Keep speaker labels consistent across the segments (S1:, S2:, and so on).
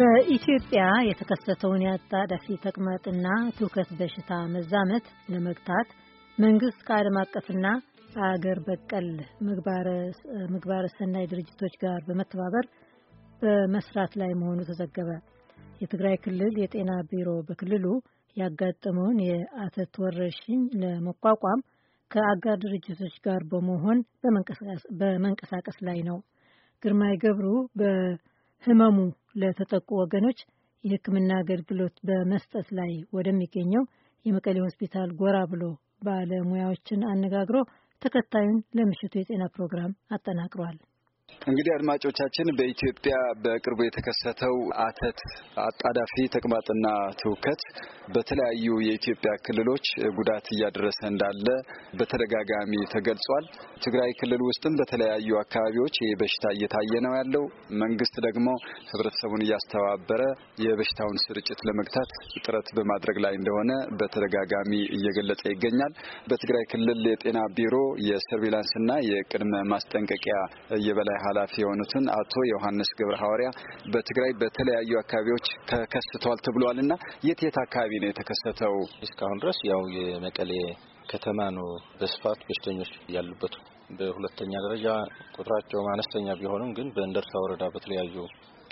S1: በኢትዮጵያ የተከሰተውን የአጣዳፊ ተቅማጥና ትውከት በሽታ መዛመት ለመግታት መንግስት ከዓለም አቀፍና ከአገር በቀል ምግባረ ሰናይ ድርጅቶች ጋር በመተባበር በመስራት ላይ መሆኑ ተዘገበ። የትግራይ ክልል የጤና ቢሮ በክልሉ ያጋጠመውን የአተት ወረርሽኝ ለመቋቋም ከአጋር ድርጅቶች ጋር በመሆን በመንቀሳቀስ ላይ ነው። ግርማይ ገብሩ በህመሙ ለተጠቁ ወገኖች የሕክምና አገልግሎት በመስጠት ላይ ወደሚገኘው የመቀሌ ሆስፒታል ጎራ ብሎ ባለሙያዎችን አነጋግሮ ተከታዩን ለምሽቱ የጤና ፕሮግራም አጠናቅሯል።
S2: እንግዲህ አድማጮቻችን በኢትዮጵያ በቅርቡ የተከሰተው አተት አጣዳፊ ተቅማጥና ትውከት በተለያዩ የኢትዮጵያ ክልሎች ጉዳት እያደረሰ እንዳለ በተደጋጋሚ ተገልጿል። ትግራይ ክልል ውስጥም በተለያዩ አካባቢዎች ይህ በሽታ እየታየ ነው ያለው። መንግስት ደግሞ ህብረተሰቡን እያስተባበረ የበሽታውን ስርጭት ለመግታት ጥረት በማድረግ ላይ እንደሆነ በተደጋጋሚ እየገለጸ ይገኛል። በትግራይ ክልል የጤና ቢሮ የሰርቬላንስና የቅድመ ማስጠንቀቂያ የበላይ ኃላፊ የሆኑትን አቶ ዮሐንስ ገብረ ሐዋርያ በትግራይ በተለያዩ አካባቢዎች ተከስተዋል ተብሏል እና የት የት አካባቢ ነው የተከሰተው? እስካሁን ድረስ ያው የመቀሌ ከተማ ነው በስፋት በሽተኞች ያሉበት።
S1: በሁለተኛ ደረጃ ቁጥራቸውም አነስተኛ ቢሆንም ግን በእንደርሳ ወረዳ በተለያዩ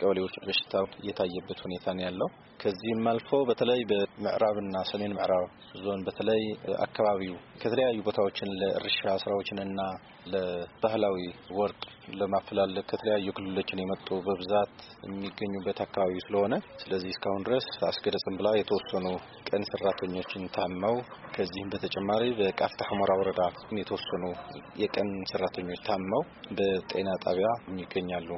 S1: ቀበሌዎች በሽታ እየታየበት ሁኔታ ነው ያለው። ከዚህም አልፎ በተለይ በምዕራብና ሰሜን ምዕራብ ዞን በተለይ አካባቢው ከተለያዩ ቦታዎችን ለእርሻ ስራዎችንና ለባህላዊ ወርቅ ለማፈላለግ ከተለያዩ ክልሎችን የመጡ በብዛት የሚገኙበት አካባቢ ስለሆነ ስለዚህ እስካሁን ድረስ አስገደጽም ብላ የተወሰኑ ቀን ሰራተኞችን ታመው ከዚህም በተጨማሪ በቃፍታ ሑመራ ወረዳ የተወሰኑ የቀን ሰራተኞች ታመው በጤና ጣቢያ ይገኛሉ።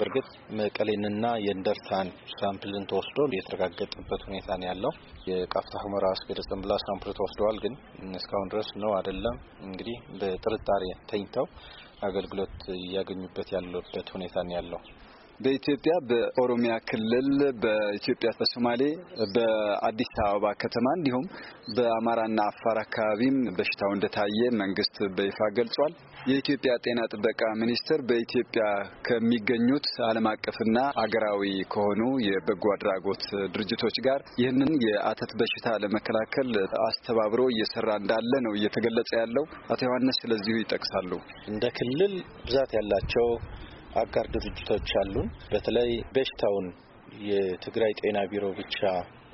S1: በእርግጥ መቀሌንና የእንደርታን ሳምፕልን ተወስዶ የተረጋገጠበት ሁኔታ ነው ያለው። የቃፍታ ሁመራ አስገደ ጽንብላ ሳምፕል ተወስደዋል። ግን እስካሁን ድረስ ነው አይደለም እንግዲህ በጥርጣሬ ተኝተው አገልግሎት እያገኙበት ያለበት ሁኔታ ነው ያለው።
S2: በኢትዮጵያ በኦሮሚያ ክልል በኢትዮጵያ በሶማሌ በአዲስ አበባ ከተማ እንዲሁም በአማራና አፋር አካባቢም በሽታው እንደታየ መንግስት በይፋ ገልጿል። የኢትዮጵያ ጤና ጥበቃ ሚኒስቴር በኢትዮጵያ ከሚገኙት ዓለም አቀፍና አገራዊ ከሆኑ የበጎ አድራጎት ድርጅቶች ጋር ይህንን የአተት በሽታ ለመከላከል አስተባብሮ እየሰራ እንዳለ ነው እየተገለጸ ያለው። አቶ ዮሐንስ ስለዚሁ ይጠቅሳሉ። እንደ ክልል ብዛት ያላቸው አጋር ድርጅቶች አሉን።
S1: በተለይ በሽታውን የትግራይ ጤና ቢሮ ብቻ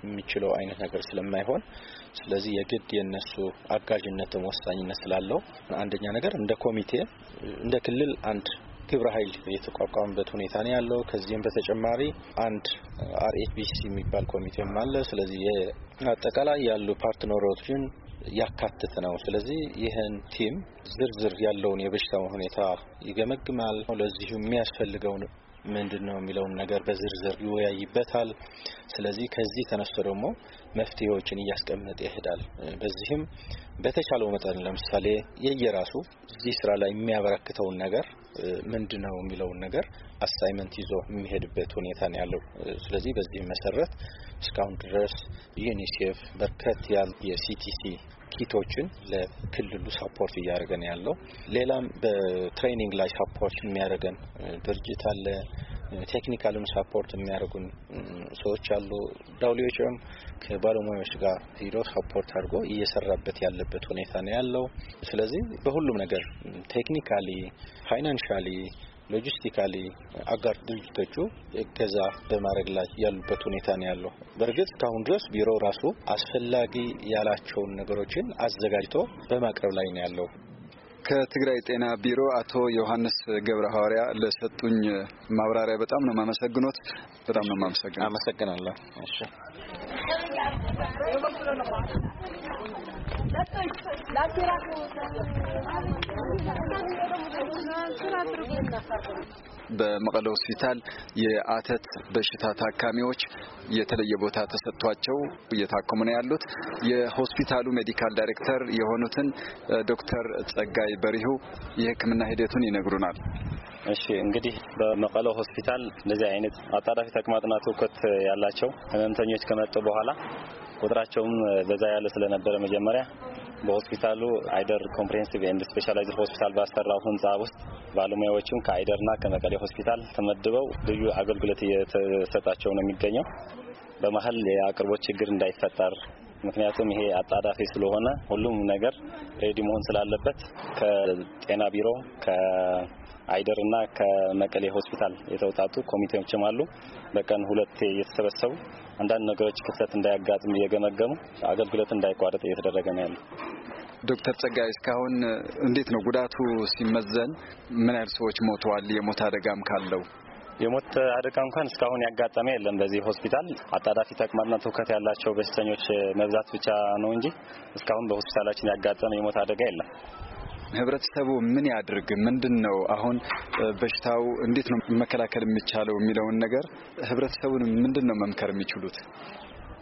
S1: የሚችለው አይነት ነገር ስለማይሆን ስለዚህ የግድ የነሱ አጋዥነትም ወሳኝነት ስላለው አንደኛ ነገር እንደ ኮሚቴ እንደ ክልል አንድ ግብረ ኃይል የተቋቋመበት ሁኔታ ነው ያለው። ከዚህም በተጨማሪ አንድ አርኤችቢሲ የሚባል ኮሚቴም አለ። ስለዚህ አጠቃላይ ያሉ ፓርትነሮችን ያካትት ነው። ስለዚህ ይህን ቲም ዝርዝር ያለውን የበሽታውን ሁኔታ ይገመግማል። ለዚሁ የሚያስፈልገውን ምንድን ነው የሚለውን ነገር በዝርዝር ይወያይበታል። ስለዚህ ከዚህ ተነስቶ ደግሞ መፍትሄዎችን እያስቀመጠ ይሄዳል። በዚህም በተቻለው መጠን ለምሳሌ የየራሱ እዚህ ስራ ላይ የሚያበረክተውን ነገር ምንድን ነው የሚለውን ነገር አሳይመንት ይዞ የሚሄድበት ሁኔታ ነው ያለው። ስለዚህ በዚህ መሰረት እስካሁን ድረስ ዩኒሴፍ በርከት ያል የሲቲሲ ኪቶችን ለክልሉ ሰፖርት እያደረገን ያለው ሌላም በትሬኒንግ ላይ ሰፖርት የሚያደርገን ድርጅት አለ። ቴክኒካልም ሰፖርት የሚያደርጉን ሰዎች አሉ። ዳውሊዎችም ከባለሙያዎች ጋር ሂዶ ሰፖርት አድርጎ እየሰራበት ያለበት ሁኔታ ነው ያለው። ስለዚህ በሁሉም ነገር ቴክኒካሊ፣ ፋይናንሻሊ ሎጂስቲካሊ አጋር ድርጅቶቹ እገዛ በማድረግ ላይ ያሉበት ሁኔታ ነው ያለው። በእርግጥ እስካሁን ድረስ ቢሮ ራሱ አስፈላጊ ያላቸውን ነገሮችን አዘጋጅቶ በማቅረብ ላይ ነው ያለው።
S2: ከትግራይ ጤና ቢሮ አቶ ዮሐንስ ገብረ ሐዋርያ ለሰጡኝ ማብራሪያ በጣም ነው የማመሰግኖት። በጣም ነው የማመሰግነው። አመሰግናለሁ። እሺ በመቀለ ሆስፒታል የአተት በሽታ ታካሚዎች የተለየ ቦታ ተሰጥቷቸው እየታከሙ ነው ያሉት። የሆስፒታሉ ሜዲካል ዳይሬክተር የሆኑትን ዶክተር ጸጋይ በሪሁ የሕክምና ሂደቱን ይነግሩናል። እሺ እንግዲህ በመቀለ ሆስፒታል እንደዚህ
S3: አይነት አጣዳፊ ተቅማጥና ትውከት ያላቸው ህመምተኞች ከመጡ በኋላ ቁጥራቸውም በዛ ያለ ስለነበረ መጀመሪያ በሆስፒታሉ አይደር ኮምፕሬሄንሲቭ ኤንድ ስፔሻላይዝድ ሆስፒታል ባሰራው ህንፃ ውስጥ ባለሙያዎችም ከአይደርና ከመቀሌ ሆስፒታል ተመድበው ልዩ አገልግሎት እየተሰጣቸው ነው የሚገኘው። በመሀል የአቅርቦት ችግር እንዳይፈጠር ምክንያቱም ይሄ አጣዳፊ ስለሆነ ሁሉም ነገር ሬዲ መሆን ስላለበት ከጤና ቢሮ ከአይደር እና ከመቀሌ ሆስፒታል የተውጣጡ ኮሚቴዎችም አሉ። በቀን ሁለቴ እየተሰበሰቡ አንዳንድ ነገሮች ክፍተት እንዳያጋጥም እየገመገሙ አገልግሎት እንዳይቋረጥ እየተደረገ ነው ያለው።
S2: ዶክተር ጸጋይ እስካሁን እንዴት ነው ጉዳቱ ሲመዘን ምን ያህል ሰዎች ሞተዋል? የሞት አደጋም ካለው የሞት አደጋ
S3: እንኳን እስካሁን ያጋጠመ የለም። በዚህ ሆስፒታል አጣዳፊ ተቅማጥና ትውከት ያላቸው በሽተኞች መብዛት ብቻ ነው እንጂ እስካሁን በሆስፒታላችን ያጋጠመ የሞት አደጋ የለም።
S2: ህብረተሰቡ ምን ያድርግ? ምንድን ነው አሁን በሽታው እንዴት ነው መከላከል የሚቻለው የሚለውን ነገር ህብረተሰቡን ምንድን ነው መምከር የሚችሉት?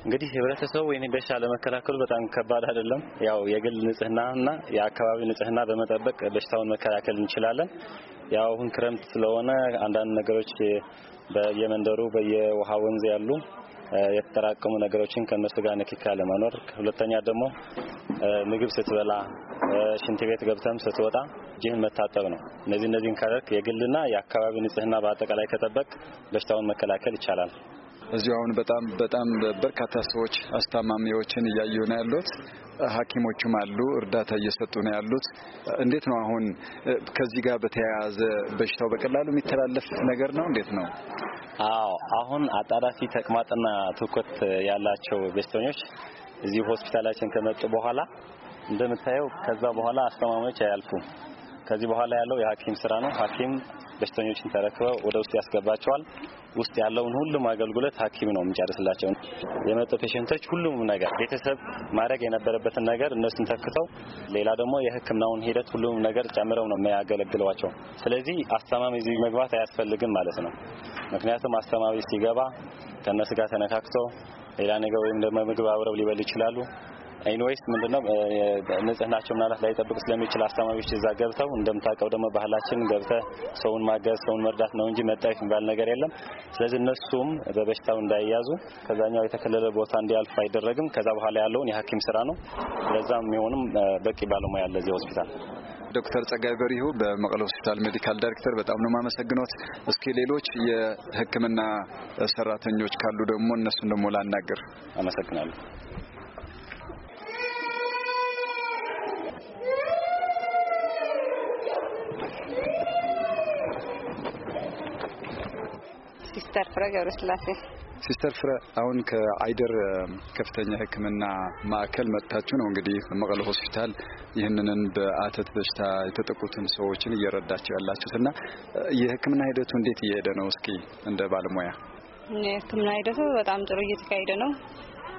S3: እንግዲህ ህብረተሰቡ ወይን በሽታ ለመከላከሉ በጣም ከባድ አይደለም። ያው የግል ንጽህናና የአካባቢ ንጽህና በመጠበቅ በሽታውን መከላከል እንችላለን። ያው አሁን ክረምት ስለሆነ አንዳንድ ነገሮች በየመንደሩ በየውሃ ወንዝ ያሉ የተጠራቀሙ ነገሮችን ከነሱ ጋር ንክኪ አለመኖር፣ ሁለተኛ ደግሞ ምግብ ስትበላ ሽንት ቤት ገብተም ስትወጣ እጅህን መታጠብ ነው። እነዚህ እነዚህን ካደረክ የግልና የአካባቢ ንጽህና በአጠቃላይ ከጠበቅ በሽታውን
S2: መከላከል ይቻላል። እዚሁ አሁን በጣም በጣም በርካታ ሰዎች አስታማሚዎችን እያዩ ነው ያሉት። ሐኪሞቹም አሉ እርዳታ እየሰጡ ነው ያሉት። እንዴት ነው አሁን ከዚህ ጋር በተያያዘ በሽታው በቀላሉ የሚተላለፍ ነገር ነው? እንዴት ነው?
S3: አዎ አሁን አጣዳፊ ተቅማጥና ትውከት ያላቸው በሽተኞች እዚሁ ሆስፒታላችን ከመጡ በኋላ እንደምታየው ከዛ በኋላ አስተማሚዎች አያልፉም። ከዚህ በኋላ ያለው የሐኪም ስራ ነው። ሐኪም በሽተኞችን ተረክበው ወደ ውስጥ ያስገባቸዋል። ውስጥ ያለውን ሁሉም አገልግሎት ሐኪም ነው የሚጨርስላቸው። የመጡ ፔሽንቶች ሁሉም ነገር ቤተሰብ ማድረግ የነበረበትን ነገር እነሱን ተክተው፣ ሌላ ደግሞ የህክምናውን ሂደት ሁሉም ነገር ጨምረው ነው የሚያገለግሏቸው። ስለዚህ አስተማሚ እዚህ መግባት አያስፈልግም ማለት ነው። ምክንያቱም አስተማሚ ሲገባ ከእነሱ ጋር ተነካክቶ ሌላ ነገር ወይም ደግሞ ምግብ አብረው ሊበል ይችላሉ። ኢንዌይስ ምንድነው ንጽህናቸው ምናልባት ላይጠብቅ ስለሚችል አስተማሪዎች እዛ ገብተው እንደምታውቀው ደግሞ ባህላችን ገብተ ሰውን ማገዝ ሰውን መርዳት ነው እንጂ መጠየቅ የሚባል ነገር የለም። ስለዚህ እነሱም በበሽታው እንዳይያዙ ከዛኛው የተከለለ ቦታ እንዲያልፍ አይደረግም። ከዛ በኋላ
S2: ያለውን የሐኪም ስራ ነው። ለዛም የሚሆንም በቂ ባለሙያ አለ እዚህ ሆስፒታል። ዶክተር ጸጋይ በሪሁ በመቀለ ሆስፒታል ሜዲካል ዳይሬክተር፣ በጣም ነው ማመሰግኖት። እስኪ ሌሎች የህክምና ሰራተኞች ካሉ ደግሞ እነሱን ደግሞ ላናገር። አመሰግናለሁ።
S3: ሲስተር ፍረ ገብረስላሴ።
S2: ሲስተር ፍረ አሁን ከአይደር ከፍተኛ ሕክምና ማዕከል መጥታችሁ ነው እንግዲህ መቀለ ሆስፒታል ይህንንን በአተት በሽታ የተጠቁትን ሰዎችን እየረዳቸው ያላችሁት እና የሕክምና ሂደቱ እንዴት እየሄደ ነው? እስኪ እንደ ባለሙያ
S3: የሕክምና ሂደቱ በጣም ጥሩ እየተካሄደ ነው።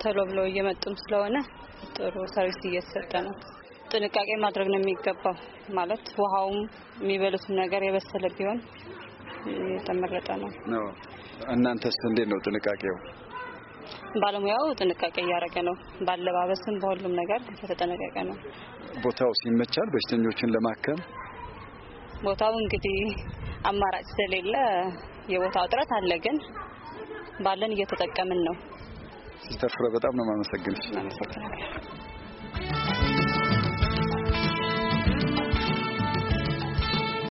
S3: ተሎ ብለው እየመጡም ስለሆነ ጥሩ ሰርቪስ እየተሰጠ ነው። ጥንቃቄ ማድረግ ነው የሚገባው። ማለት ውሃውም የሚበሉትም ነገር የበሰለ ቢሆን የተመረጠ ነው።
S2: እናንተስ እንዴት ነው ጥንቃቄው?
S3: ባለሙያው ጥንቃቄ እያደረገ ነው። ባለባበስም በሁሉም ነገር የተጠነቀቀ ነው።
S2: ቦታው ሲመቻል በሽተኞችን ለማከም
S3: ቦታው እንግዲህ አማራጭ ስለሌለ የቦታው እጥረት አለ፣ ግን ባለን እየተጠቀምን ነው።
S2: ሲስተር ፍረ በጣም ነው የማመሰግንሽ።